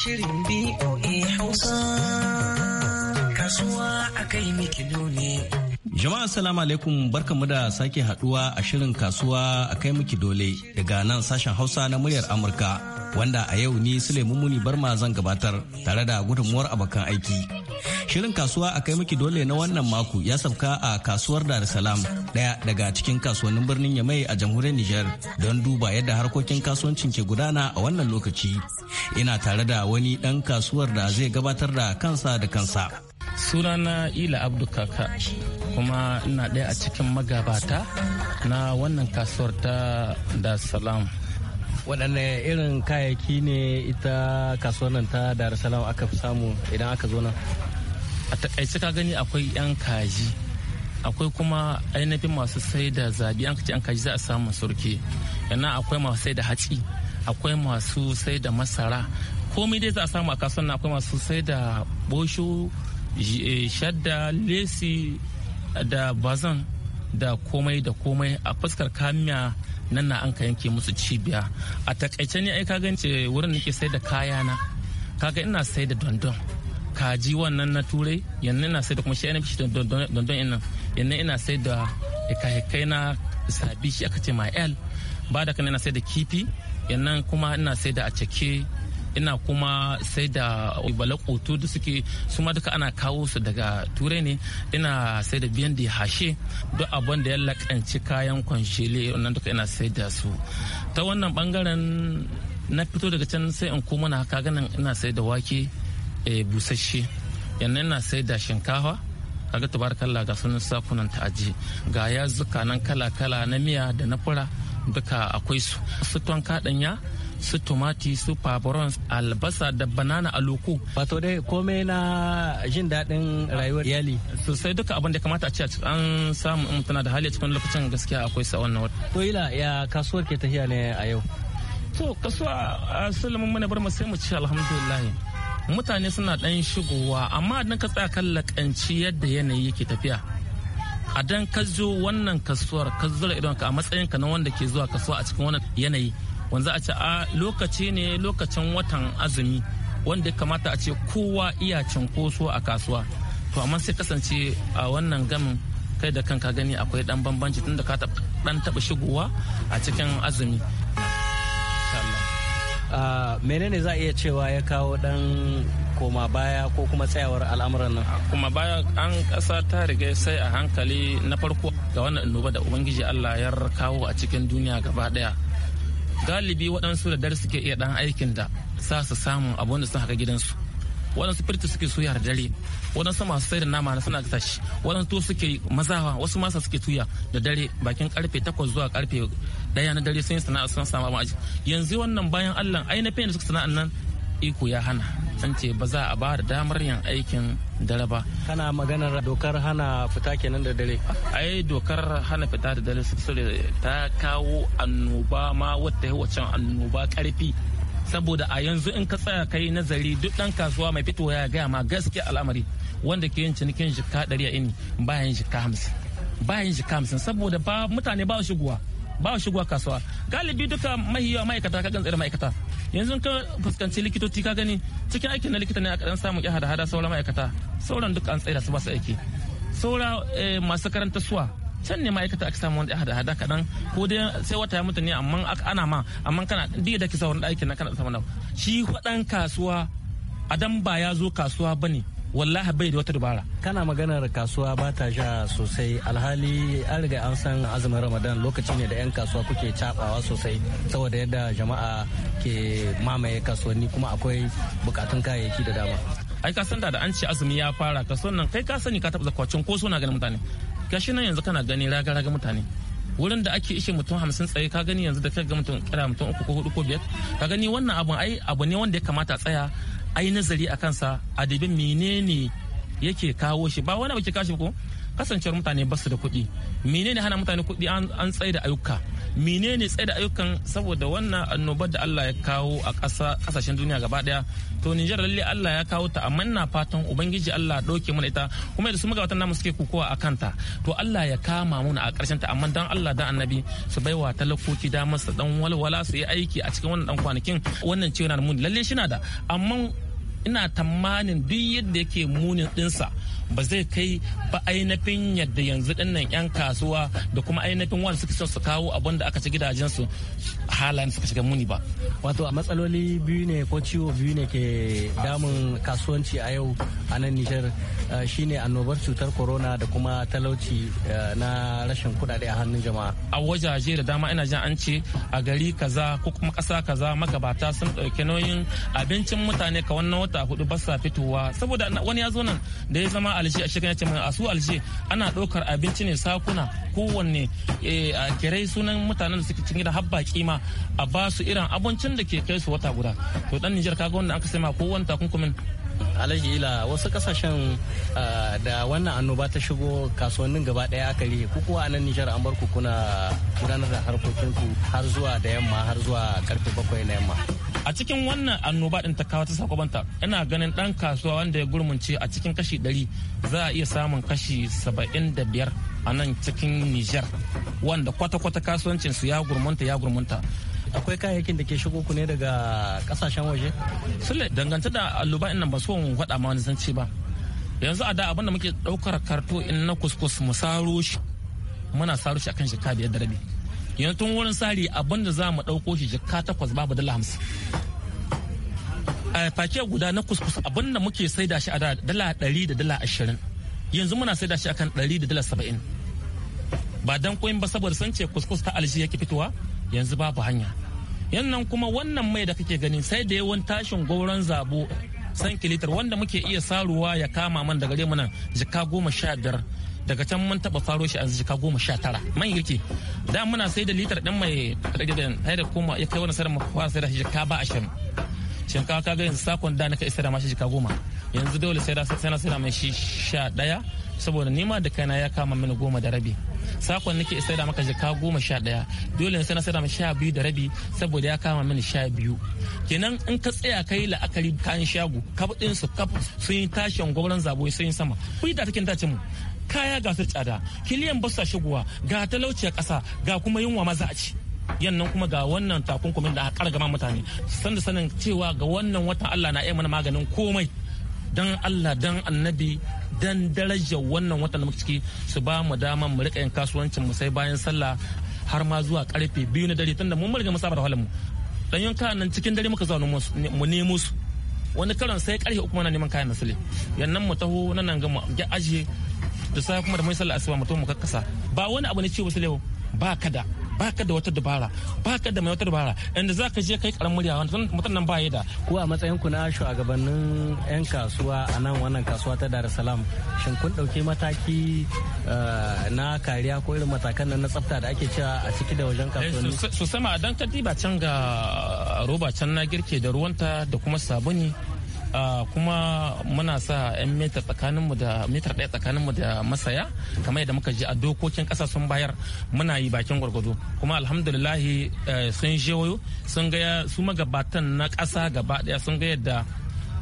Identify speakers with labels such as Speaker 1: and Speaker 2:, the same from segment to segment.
Speaker 1: shirin BOA Hausa. Kasuwa a kai mikido ne.
Speaker 2: Jama'a salamu alaikum barkamu da sake haduwa a shirin kasuwa a kai miki dole daga nan sashen Hausa na muryar Amurka wanda a yau ni Suleiman Muni Barma zan gabatar tare da gudunmuwar abokan aiki. Shirin kasuwa a kai miki dole na wannan mako ya sauka a kasuwar Dar es daya daga cikin kasuwannin birnin Yamai a jamhuriyar Nijar don duba yadda harkokin kasuwancin ke gudana a wannan lokaci. Ina tare da wani dan kasuwar da zai gabatar da kansa da kansa. Sunana Ila Abdu Kaka kuma ina ɗaya a cikin magabata na wannan kasuwar ta Dar es Salaam. waɗanne irin kayayyaki ne ita kasuwar nan ta dar salam aka fi samu idan aka zo nan a takaice ka gani akwai 'yan kaji
Speaker 3: akwai kuma ainihin masu sai da zabi an kaci an kaji za a samu surke yana akwai masu sai da hatsi akwai masu sai da masara komai dai za a samu a kasuwan akwai masu sai da bosho eh, shadda lesi da bazan da komai da komai a fuskar kamiya nan na an ka yanke musu cibiya a takaice ne ai ka gance wurin nake sai da kayana kaga ina sai da dondon kaji wannan na turai yanzu ina sai da kuma shi shi dondon ina yanzu ina sai da hikahikai na sabi shi aka ce ma'el ba da kan ina sai da kifi yannan kuma ina sai da a cike ina kuma sai da kotu da suke su ma duka ana kawo su daga turai ne ina sai da biyan da hashe duk abin da ya lakanci kayan kwanshele wannan duka ina sai da su ta wannan bangaren na fito daga can sai in koma na haka ganin ina sai da wake E, busasshe yannan na sai da shinkafa kaga kalla ga sunan sakunan ta'aji ga yazuka nan kala-kala na miya da na fura duka akwai su su kaɗanya su tumati su fabrons albasa da banana a loko wato dai komai na jin daɗin rayuwar iyali sosai duka abin da kamata a ce an samu in tana da hali a cikin lokacin gaskiya akwai sa wannan wata to ila ya kasuwar ke tafiya ne a yau to kasuwa a sulamin mana bar mu sai mu ci alhamdulillah mutane suna ɗan shigowa amma idan ka tsaya kan lakanci yadda yanayi yake tafiya a dan ka zo wannan kasuwar ka zura idon ka a matsayin ka na wanda ke zuwa kasuwa a cikin wannan yanayi wanda a ce a lokaci ne lokacin watan azumi wanda ya kamata a ce kowa iya cinkoso a kasuwa to amma sai kasance a wannan gamin kai da kanka gani akwai dan bambanci tunda ka dan taba shigowa a cikin
Speaker 2: azumi Ah, menene za a iya cewa ya kawo dan koma baya ko kuma tsayawar al'amuran nan kuma baya an ƙasa ta riga sai
Speaker 3: a hankali na farko ga wannan annoba da ubangiji Allah ya kawo a cikin duniya gaba daya galibi waɗansu da dar suke iya dan aikin da sa su samu abun da sun haka gidansu wadansu firti suke suya da dare wadansu masu sayar da nama na suna gasa shi to suke mazawa wasu masa suke tuya da dare bakin karfe takwas zuwa karfe daya na dare sun yi sana'a sun samu aji yanzu wannan bayan allah na da suka sana'an nan iko ya hana an ce ba za a ba da damar yin
Speaker 2: aikin dare ba kana maganar dokar hana fita
Speaker 3: kenan da dare ai dokar hana fita da dare ta kawo annoba ma wata waccan annoba karfi saboda a yanzu in ka tsaya kai nazari duk dan kasuwa mai fitowa ya gaya ma gaskiya al'amari wanda ke yin cinikin jika ɗari a ini bayan jika hamsin bayan jika hamsin saboda ba mutane ba shigowa ba shigowa kasuwa galibi duka mahiyawa ma'aikata ka gan tsira ma'aikata yanzu ka fuskanci likitoci ka gani cikin aikin na likita ne a kaɗan samun ya hada hada sauran ma'aikata sauran duk an tsaida su ba su aiki saura eh, masu karanta suwa can ne ma'aikata aka samu wani hada hada kaɗan ko dai sai wata ya mutu ne amma ana ma amma kana duk da kisa wani ɗakin na kana samu shi faɗan kasuwa adan ba ya zo kasuwa ba ne
Speaker 2: wallahi bai da wata dubara kana maganar kasuwa ba ta sha sosai alhali an riga an san azumin ramadan lokaci ne da 'yan kasuwa kuke cabawa sosai saboda yadda jama'a ke mamaye kasuwanni kuma akwai bukatun kayayyaki da dama
Speaker 3: ai ka san da an ci azumi ya fara kasuwan nan kai ka sani ka taɓa zakwacin ko suna ganin mutane gashi nan yanzu kana gani raga-raga mutane wurin da ake ishe mutum hamsin tsaye ka gani yanzu da kai ga mutum kira mutum uku ko hudu ko biyar ka gani wannan abu ai abu ne wanda ya kamata tsaya ai nazari a kansa a dibi menene yake kawo shi ba wani abu ke kashi ko kasancewar mutane basu da kuɗi menene hana mutane kuɗi an tsaye da ayyuka menene tsaye da ayyukan saboda wannan annobar da Allah ya kawo a kasashen duniya gaba daya to Nijar lalle Allah ya kawo ta amma na fatan ubangiji Allah dauke mana ita kuma da su magabatan namu suke kukuwa a kanta to Allah ya kama muna a karshen ta amma dan Allah da annabi su baiwa talakoki damar su dan walwala su yi aiki a cikin wannan dan kwanakin wannan ciwon na da muni lalle shi na da amma ina tamanin duk yadda yake munin dinsa ba zai kai ba ainihin yadda yanzu dinnan yan kasuwa da kuma ainihin wanda suke son su kawo abin da aka ci gidajensu
Speaker 2: Hala suka shiga muni ba wato a matsaloli biyu ne ko ciwo biyu ne ke damun kasuwanci a yau a nan nijar eh, shine annobar cutar corona da kuma talauci eh, na rashin kudade a hannun jama'a
Speaker 3: a wajaje da dama ina jin an ce a gari kaza ko kuma kasa kaza magabata sun ɗauki nauyin abincin mutane ka wannan wata hudu ba sa fitowa saboda wani ya zo nan da ya zama alje a shekara ce a su alje ana ɗaukar abinci ne sakuna kowanne eh, a kirai sunan mutanen da suke cikin da habba kima a ba su irin abincin da ke kai su wata guda to dan Nijar kaga wanda aka sai ma ko wani takunkumin
Speaker 2: alhaji ila wasu kasashen ah, da wannan annoba ta shigo kasuwannin gaba daya aka rihe kuku a nan nijar an bar ku kuna gudanar da harkokinku har zuwa da yamma har zuwa karfe bakwai na yamma
Speaker 3: a cikin wannan annoba din ta kawo ta sakobanta ina ganin dan kasuwa wanda ya gurmunce a cikin kashi 100 za a iya samun kashi 75 a nan cikin Nijar wanda kwata-kwata kasuwancin su ya gurmunta ya gurmunta. Akwai kayayyakin da ke shigo ku ne daga kasashen waje? Sule danganta da alluba nan ba su mu faɗa ma wani zance ba. Yanzu a da abin da muke ɗaukar karto in na kuskus mu saro shi muna saro shi akan jika biyar da rabi. Yanzu tun wurin sari abin da za mu ɗauko shi jika takwas babu dala hamsin. A fake guda na kuskus abin da muke saida shi a dala ɗari da dala ashirin. yanzu muna sai da shi akan ɗari da dala saba'in ba dan koyin ba saboda san ce kuskus ta alji yake fitowa yanzu babu hanya yannan kuma wannan mai da kake gani sai da yawan tashin gauran zabo san kilitar wanda muke iya saruwa ya kama man daga mu jika goma sha biyar daga can mun taba faro shi a jika goma sha tara man yake da muna sai da litar ɗin mai rage da koma ya kai wani sarrafa mafawa sai da jika ba ashirin ka kaga yanzu sakon da naka isa da mashi jika goma yanzu dole sai na sai mai shi sha daya saboda nima da kaina ya kama mini goma da rabi sakon nake isa da maka jika goma sha daya dole sai na sai mai sha biyu da rabi saboda ya kama mini sha biyu kenan in ka tsaya kai la'akari kayan shago kaf din su kaf sun yi tashin gwamnan zabo sun yi sama kuyi da take tace mu kaya ga su tsada kiliyan ba sa shigowa ga talauci a kasa ga kuma yunwa maza a ci yannan kuma ga wannan takunkumin da aka gama mutane sanda sanin cewa ga wannan watan Allah na iya mana maganin komai dan Allah dan annabi dan darajar wannan watan da muke ciki su ba mu dama mu rika yin kasuwancin mu sai bayan sallah har ma zuwa karfe biyu na dare tunda mun murga musabar halin mu dan yanka nan cikin dare muka zauna mu nemo su wani karon sai karfe uku mana neman kayan nasile yannan mu taho nan nan ga mu ajiye da sai kuma da mai sallah asuba mu to mu kakkasa ba wani abu ne ce wasu lewo ba kada baka da wata dabara baka da mai wata dabara inda za ka je kai karan murya wanda mutum nan baya da
Speaker 2: ku a matsayin ku na shugabannin yan kasuwa a nan wannan kasuwa ta Dar es Salaam shin kun dauke mataki eh, na kariya ko irin matakan nan na tsafta da ake cewa a ciki da wajen eh, kasuwanni su sama
Speaker 3: dan kadiba can ga roba can na girke da ruwanta da kuma sabuni Ah, kuma muna sa 'yan metar tsakaninmu da metar ɗaya tsakaninmu da masaya kamar yadda muka ji a dokokin ƙasa sun bayar muna yi bakin gwargwado kuma alhamdulillahi eh, sun wayo sun ga su magabatan na ƙasa gaba ɗaya sun ga yadda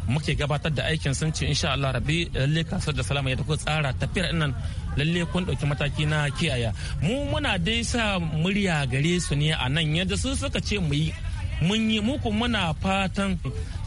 Speaker 3: muke gabatar da aikin sun ce insha Allah rabi lalle kasar da salama ya kuka tsara tafiyar nan lalle kun ɗauki mataki na kiyaya mu muna dai sa murya gare su ne a nan yadda su suka ce mu yi mun yi muku muna fatan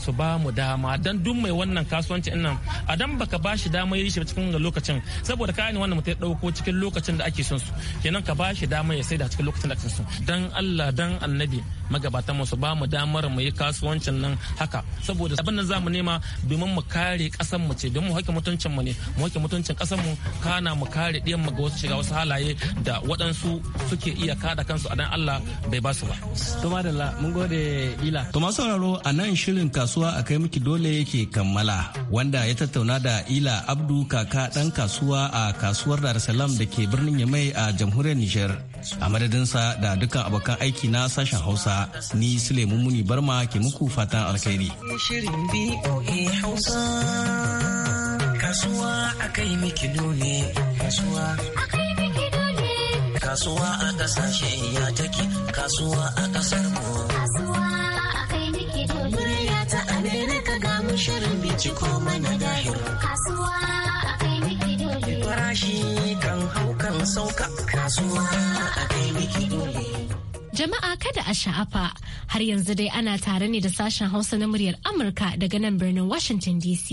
Speaker 3: su ba mu dama don duk mai wannan kasuwanci nan a dan baka ba shi dama ya yi shi cikin lokacin saboda ka ne wannan mutum ya dauko cikin lokacin da ake son su kenan ka ba shi dama ya saida cikin lokacin da ake son su dan Allah dan annabi magabatan mu su ba mu damar mu yi kasuwancin nan haka saboda abin nan zamu nema domin mu kare kasan mu ce don mu hake mutuncin mu ne mu hake mutuncin kasan mu kana mu kare diyan mu ga wasu shiga wasu halaye da waɗansu suke iya kada kansu a dan Allah bai ba su ba.
Speaker 2: to madalla mun gode ila. To masu sauraro a nan shirin kasuwa a kai miki dole yake kammala wanda ya tattauna da ila abdu kaka dan kasuwa a kasuwar dar salam da ke birnin yamai a jamhuriyar nijar a madadinsa da dukkan abokan aiki na sashen hausa ni sulaimu muni barma ke muku fatan alkhairi. Shirin
Speaker 1: Hausa kasuwa a kai miki dole kasuwa kasuwa a kasashe ya take kasuwa a kasar mu ciko mana dahir. Kasuwa a kai miki dole. Farashi kan hau kan sauka. Kasuwa a kai miki dole.
Speaker 4: Jama'a kada a sha'afa har yanzu dai ana tare ne da sashen Hausa na muryar Amurka daga nan birnin Washington DC.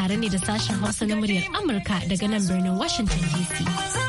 Speaker 4: tare ne da sashen Hausa na muryar Amurka daga nan birnin Washington DC.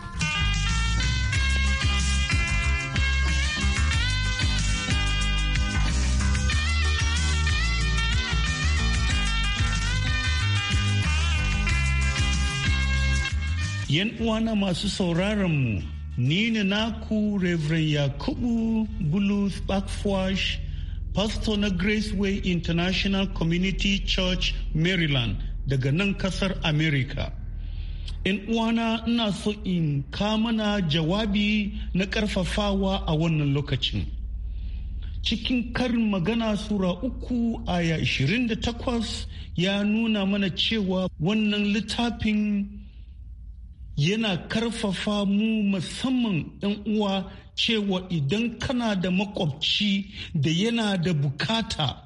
Speaker 5: yan uwana masu sauraron mu ni ne naku Reverend Yakubu Bulus Backwash, pastor na Graceway International Community Church Maryland daga nan kasar America. In uwana ina so in ka mana jawabi na karfafawa a wannan lokacin. Cikin karin magana Sura uku aya 28 ya nuna mana cewa wannan littafin yana karfafa mu musamman 'yan uwa cewa idan kana da makwabci da yana da bukata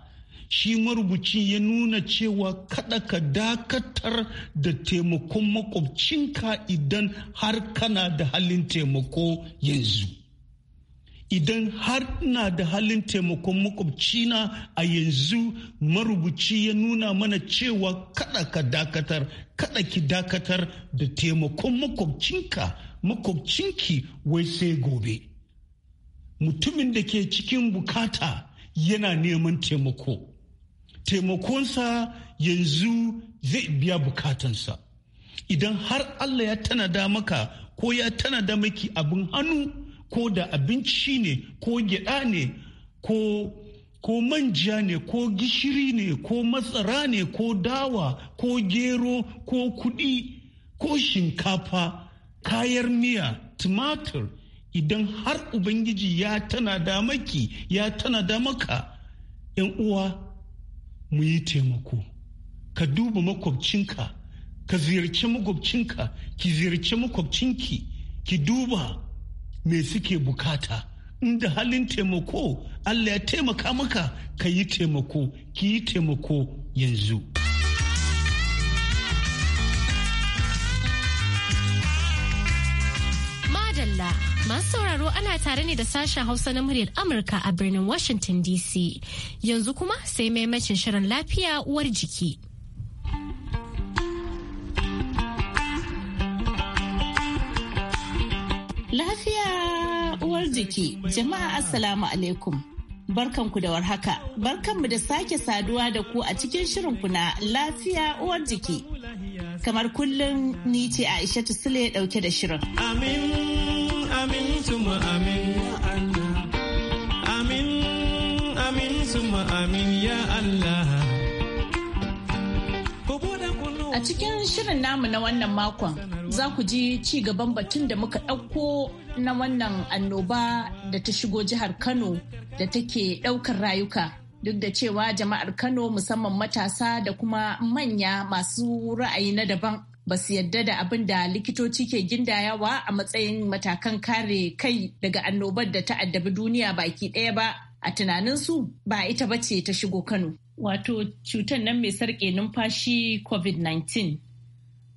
Speaker 5: shi marubucin ya nuna cewa kada ka dakatar da taimakon makwabcinka idan har kana da halin taimako yanzu. idan har na da halin taimakon makwabcina a yanzu marubuci ya nuna mana cewa kada ka dakatar kada ki dakatar da taimakon makwabcinka makwabcinki wai sai gobe mutumin da ke cikin bukata yana neman taimako taimakonsa yanzu zai biya bukatansa idan har allah ya tanada maka ko ya tanada maki abin hannu ko da abinci ne ko gyaɗa ne ko ko manja ne ko gishiri ne ko matsara ne ko dawa ko gero ko kuɗi ko shinkafa kayan miya tumatir idan har ubangiji ya tana da maki ya tana da maka yan uwa mu yi taimako ka duba makwabcinka ka ziyarci makwabcinka ki ziyarci makwabcinki ki duba me suke bukata inda halin taimako allah ya taimaka maka ka yi taimako ki yi taimako yanzu
Speaker 4: madalla masu sauraro ana tare ne da sashen hausa na muryar amurka a birnin washington dc yanzu kuma sai maimacin shirin lafiya uwar jiki
Speaker 6: Lafiya uwar jiki, jama'a Assalamu alaikum. Barkanku da warhaka, barkanmu da sake saduwa da ku a cikin shirinku na lafiya uwar jiki. Kamar kullum ni ce Aisha Sule dauke da shirin.
Speaker 2: Amin, amin, tuma amin Amin, amin, tuma amin ya Allah.
Speaker 6: A cikin shirin namu na wannan makon, za ku ji ci gaban batun da muka ɗauko na wannan annoba da ta shigo jihar Kano da take ɗaukar rayuka. Duk da cewa jama'ar Kano musamman matasa da kuma manya masu ra'ayi na daban ba su yadda da abin da likitoci ke gindayawa a matsayin matakan kare kai daga annobar da ta addabi duniya baki ɗaya ba a tunaninsu ba ita ba ce ta shigo Kano. Wato cutar nan mai sarƙe numfashi COVID-19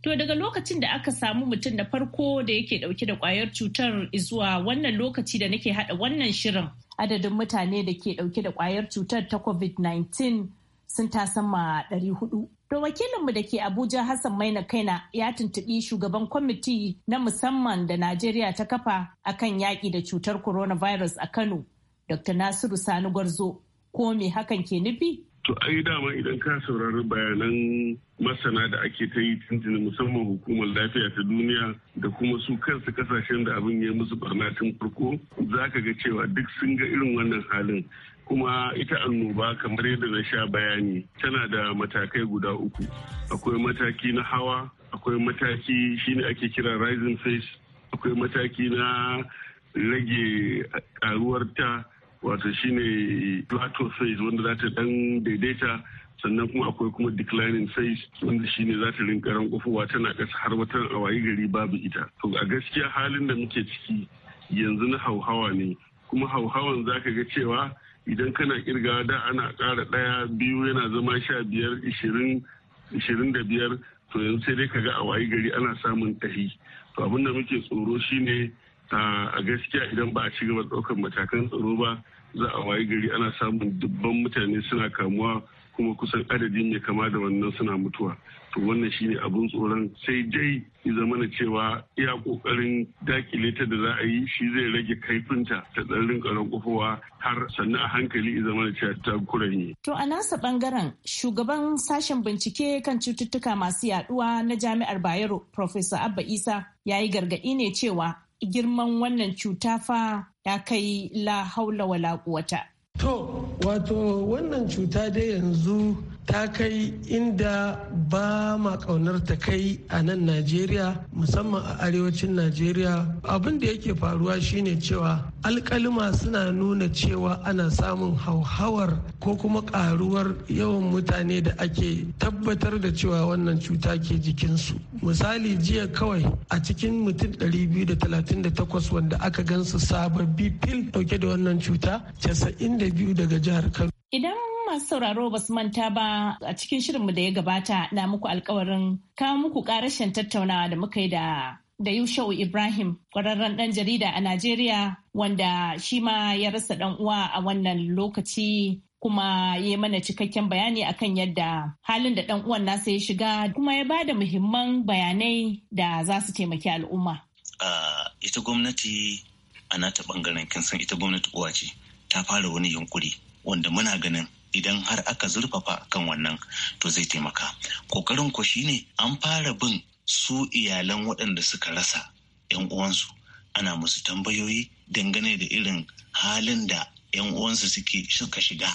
Speaker 6: To daga lokacin da aka samu mutum na farko da yake dauke da kwayar cutar zuwa wannan lokaci da nake hada wannan shirin adadin mutane da ke dauke da kwayar cutar ta COVID-19 sun tasama 400. To wakilinmu da ke Abuja Hassan Maina Kaina ya tuntubi shugaban kwamiti na musamman da Najeriya ta kafa akan yaƙi da cutar coronavirus a Kano, Dr. Nasiru Sani Gwarzo, ko me hakan ke nufi?
Speaker 7: To ai dama idan ka saurari bayanan masana da ake ta yi tuntuni musamman hukumar lafiya ta duniya da kuma su kansu kasashen da abin ya musu barna tun farko za ka ga cewa duk sun ga irin wannan halin kuma ita annoba kamar yadda na sha bayani tana da matakai guda uku akwai mataki na hawa akwai mataki shine ake kira rising face akwai mataki na rage karuwar ta wato shine plateau phase wanda za ta dan daidaita sannan kuma akwai kuma declining phase wanda shine za ta rinka rankofowa tana ƙasa har wata awayi gari babu ita to a gaskiya halin da muke ciki yanzu na hauhawa ne kuma hauhawan ka ga cewa idan kana kirgawa da ana ƙara ɗaya biyu yana zama sha biyar ishirin ishirin da biyar to yanzu sai dai ka a wayi gari ana samun tahi to abin da muke tsoro shine a gaskiya idan ba a ci gaba ɗaukar matakan tsaro ba za a wayi gari ana samun dubban mutane suna kamuwa kuma kusan adadin mai kama da wannan suna mutuwa to wannan shine abun tsoron sai dai ya zamana cewa iya kokarin dakile ta da za a yi shi zai rage kaifinta ta tsarin rinka rankofowa har sannan a hankali ya na cewa ta yi.
Speaker 6: To a nasa bangaren shugaban sashen bincike kan cututtuka masu yaduwa na jami'ar Bayero Professor Abba Isa ya yi gargaɗi ne cewa girman wannan cuta fa ya kai la haula wala kuwata.
Speaker 5: To, wato wannan cuta dai yanzu ta kai inda ba ma kaunar ta kai a nan najeriya musamman a arewacin najeriya abin da yake faruwa shine cewa alkalima suna nuna cewa ana samun hauhawar ko kuma karuwar yawan mutane da ake tabbatar da cewa wannan cuta ke jikinsu misali jiya kawai a cikin mutum 238 wanda aka gansu sababbi fil dauke da wannan cuta 92 daga jihar kano
Speaker 6: Idan masu sauraro ba su manta ba a cikin shirinmu da ya gabata na muku alkawarin kawo muku karashin tattaunawa da muka yi da da Yushau Ibrahim kwararren ɗan jarida a Najeriya wanda shi ma ya rasa ɗan uwa a wannan lokaci kuma ya mana cikakken bayani akan yadda halin da ɗan uwan nasa ya shiga kuma ya bada muhimman bayanai da za su taimaki al'umma.
Speaker 8: ita gwamnati a nata bangaren kinsan ita gwamnati uwa ce ta fara wani yunkuri wanda muna ganin idan har aka zurfafa kan wannan to zai taimaka kokarin ko ne an fara bin su iyalan waɗanda suka rasa 'yan uwansu ana musu tambayoyi dangane da irin halin da 'yan uwansu suke suka shiga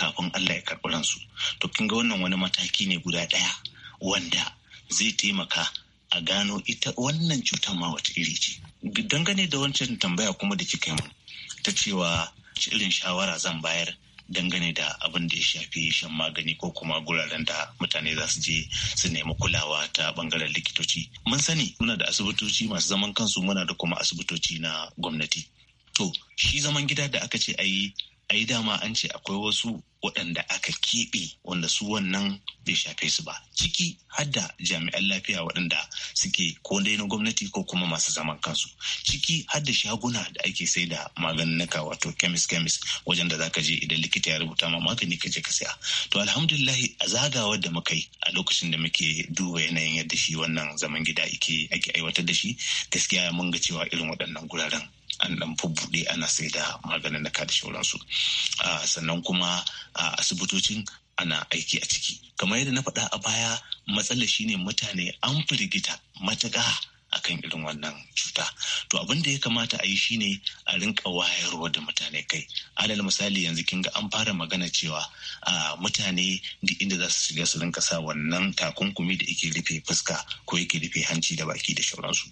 Speaker 8: kafin Allah ya karɓi ransu to kin ga wannan wani mataki ne guda ɗaya wanda zai taimaka a gano ita wannan cutar ma wata iri ce dangane da wancan tambaya kuma da kika yi ta cewa irin shawara zan bayar dangane da abin da ya shafi shan magani ko kuma guraren da mutane za su je su nemi kulawa ta bangaren likitoci mun sani muna da asibitoci masu zaman kansu muna da kuma asibitoci na gwamnati to shi zaman gida da aka ce a yi ai dama an ce akwai wasu waɗanda aka keɓe wanda su wannan bai shafe su ba ciki hadda jami'an lafiya waɗanda suke ko dai na gwamnati ko kuma masu zaman kansu ciki hadda shaguna da ake sai da maganinka wato kemis kemis wajen da zaka je idan likita ya rubuta ma magani ka je ka saya to alhamdulillah a zagawar da muka yi a lokacin da muke duba yanayin yadda shi wannan zaman gida ake aiwatar da shi gaskiya mun ga cewa irin waɗannan guraren an dan buɗe ana sai da maganin naka da shauransu ah, sannan kuma a asibitocin ana aiki a ciki kamar yadda na faɗa a baya matsalar shine mutane an firgita matuƙa a kan irin wannan cuta to abin da ya kamata a yi shine a rinka wayarwa da mutane kai alal misali yanzu kin ga an fara magana cewa a mutane duk inda za su shiga su rinka sa wannan takunkumi da yake rufe fuska ko yake rufe hanci da baki da sauransu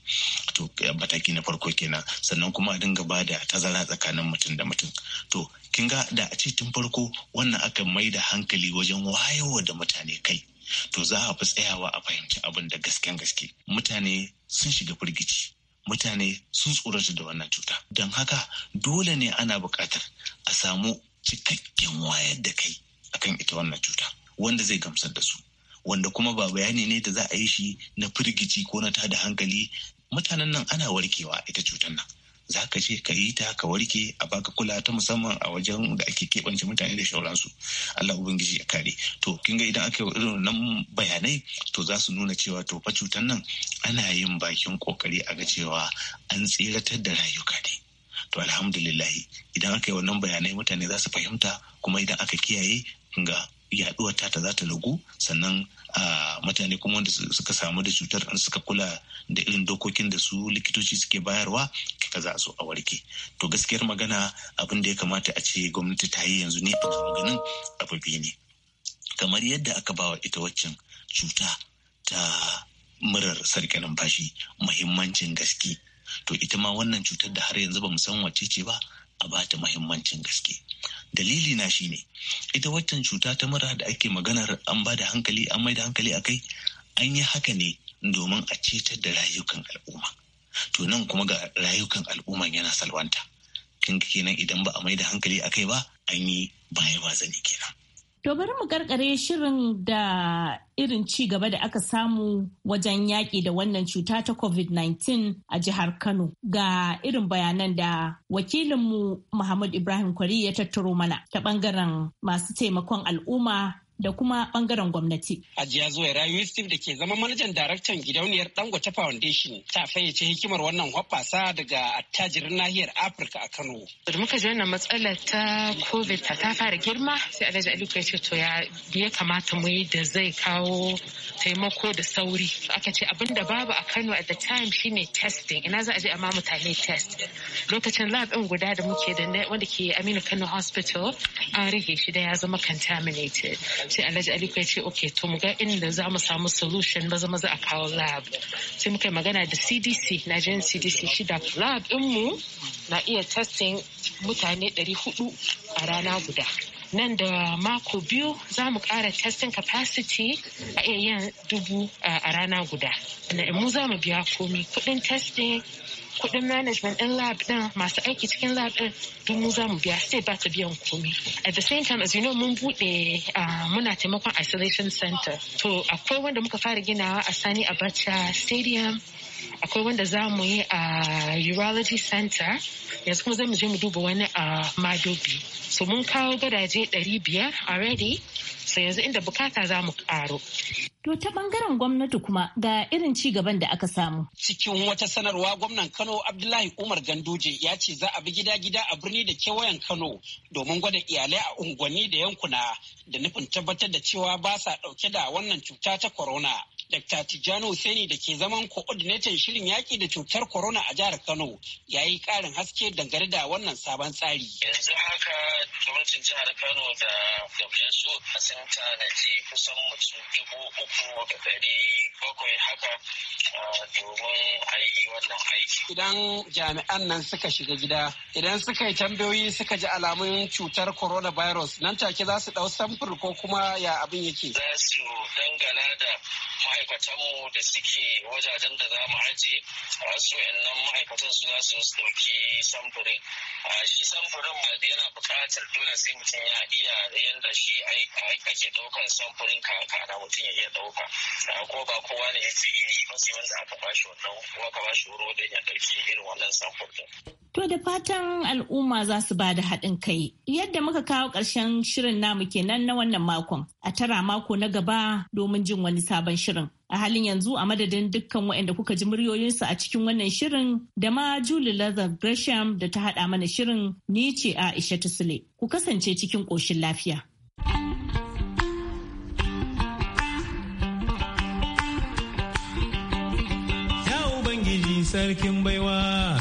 Speaker 8: to mataki na farko kenan sannan kuma a dinga ba da tazara tsakanin mutum da mutum to kin ga da a ce tun farko wannan aka mai da hankali wajen wayarwa da mutane kai to za a fi tsayawa a fahimci abin da gasken gaske mutane sun shiga firgici mutane sun tsorata da wannan cuta don haka dole ne ana buƙatar a samu cikakken wayar da kai akan ita wannan cuta wanda zai gamsar da su wanda kuma ba bayani ne da za a yi shi na firgici ko na tada hankali mutanen nan ana warkewa ita cutar nan za ka je ka yi ta ka warke a baka kula ta musamman a wajen da ake keɓance mutane da shauransu Allah ubangiji ya kare to kin ga idan aka yi irin nan bayanai to za su nuna cewa to fa cutar nan ana yin bakin kokari a ga cewa an tsiratar da rayuka ne to alhamdulillahi idan aka yi wannan bayanai mutane za su fahimta kuma idan aka kiyaye ga yaduwar ta za ta lagu sannan a mutane kuma wanda suka samu da cutar in suka kula da irin dokokin da su likitoci suke bayarwa kika za su a warke to gaskiyar magana abin da ya kamata a ce gwamnati ta yi yanzu ne a maganin abu biyu ne kamar yadda aka bawa ita waccan cuta ta murar sarki numfashi muhimmancin gaske to ita ma wannan cutar da har yanzu ba mu san wace ce ba a bata mahimmancin gaske dalili na shine ita waccan cuta ta mura da ake maganar an ba da hankali an mai da hankali a kai an yi haka ne domin a cetar da rayukan al'umma to nan kuma ga rayukan al'umma yana salwanta kin kenan idan ba a mai da hankali a kai ba an yi baya ba zane kenan
Speaker 6: To bari mu karkare shirin da irin ci gaba da aka samu wajen yaƙi da wannan cuta ta COVID-19 a jihar Kano ga irin bayanan da wakilinmu Muhammad Ibrahim Kwari ya tattaro mana ta bangaren masu taimakon al'umma da kuma bangaren
Speaker 9: gwamnati.
Speaker 2: Ajiya zuwa rayu Steve da ke zama manajan daraktan gidauniyar Dangote Foundation ta fayyace hikimar wannan hoɓɓasa daga attajirin nahiyar Afirka a Kano.
Speaker 9: Da muka ji wannan matsalar ta COVID ta ta fara girma sai Alhaji Ali ya ce to ya kamata mu yi da zai kawo taimako da sauri. Aka ce abin da babu a Kano at the time shine testing ina za a je a ma mutane test. Lokacin lab ɗin guda da muke da wanda ke Aminu Kano Hospital an rage shi da ya zama contaminated. sai alhaji aliko ya ce ok to mu ga inda za mu samu solution maza maza a kawo lab sai muka yi magana da cdc nigerian cdc shi da lab mu na iya testing mutane 400 a rana guda nan da mako biyu za mu ƙara testing capacity a iya yin dubu a rana guda mu za mu biya komi kuɗin testing kudin management din lab din masu aiki cikin lab din duk mu za mu biya sai ba ta biyan komi at the same time as you know mun bude muna taimakon isolation center to akwai wanda muka fara ginawa a sani abacha stadium akwai wanda za mu yi a urology center yanzu kuma za mu je mu duba wani a madobi so mun kawo gadaje 500 already so yanzu inda bukata za mu karo
Speaker 6: To ta bangaren gwamnati kuma ga irin ci gaban da aka samu.
Speaker 9: Cikin wata
Speaker 2: sanarwa gwamnan Kano Abdullahi Umar Ganduje ya ce za a bi gida-gida a birni da kewayen Kano domin gwada iyalai a unguwanni da yankuna da nufin tabbatar da cewa ba sa ɗauke da wannan cuta ta corona. Dr. Tijjani Hussaini da ke zaman coordinator shirin yaƙi da cutar corona a jihar Kano ya yi ƙarin haske dangane da wannan sabon tsari. Yanzu
Speaker 3: haka gwamnatin jihar Kano da WHO na ji kusan mutum dubu uku da ɗari bakwai haka domin a yi
Speaker 1: wannan
Speaker 2: aiki. Idan jami'an nan suka shiga gida, idan suka yi tambayoyi suka ji alamun cutar coronavirus nan take za su ɗau samfur ko kuma ya abin yake. Za su dangana da ma'aikatanmu da suke wajajen da za mu ajiye su nan ma'aikatan su za su ɗauki samfurin shi samfurin ma yana buƙatar dole sai mutum ya iya yadda shi ake
Speaker 3: ɗaukan samfurin kaka mutum ya iya ɗauka ko ba kowa ne ya fi yi ba sai wanda aka shi wannan kuma ka shi wuro da ya ɗauki irin wannan samfurin.
Speaker 6: To da fatan al'umma za su ba da haɗin kai. Yadda muka kawo ƙarshen shirin namu kenan na wannan makon, a tara mako na gaba domin jin wani sabon shirin. A halin yanzu a madadin dukkan waɗanda kuka ji muryoyinsu a cikin wannan shirin da ma Julie Lazar Gresham da ta haɗa mana shirin ni ce a Aisha Sule. Ku kasance cikin ƙoshin lafiya.
Speaker 5: Ya Ubangiji sarkin baiwa.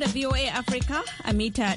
Speaker 6: The VOA Africa Amita.